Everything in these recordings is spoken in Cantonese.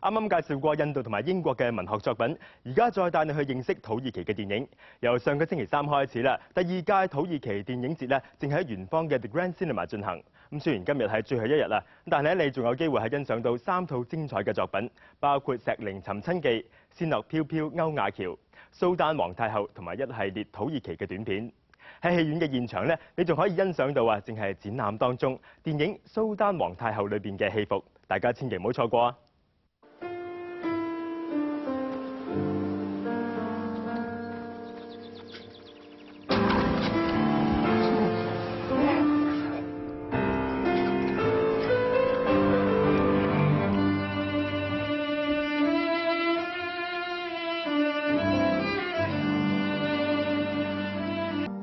啱啱介紹過印度同埋英國嘅文學作品，而家再帶你去認識土耳其嘅電影。由上個星期三開始啦，第二屆土耳其電影節咧，正喺圓方嘅 The Grand Cinema 進行。咁雖然今日係最後一日啦，但係你仲有機會係欣賞到三套精彩嘅作品，包括《石靈尋親記》、《仙樂飄飄歐亞橋》、《蘇丹皇太后》同埋一系列土耳其嘅短片。喺戲院嘅現場咧，你仲可以欣賞到啊，正係展覽當中電影《蘇丹皇太后》裏邊嘅戲服，大家千祈唔好錯過啊！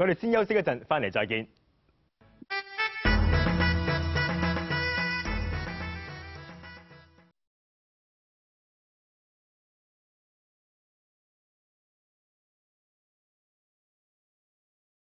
我哋先休息一陣，返嚟再見。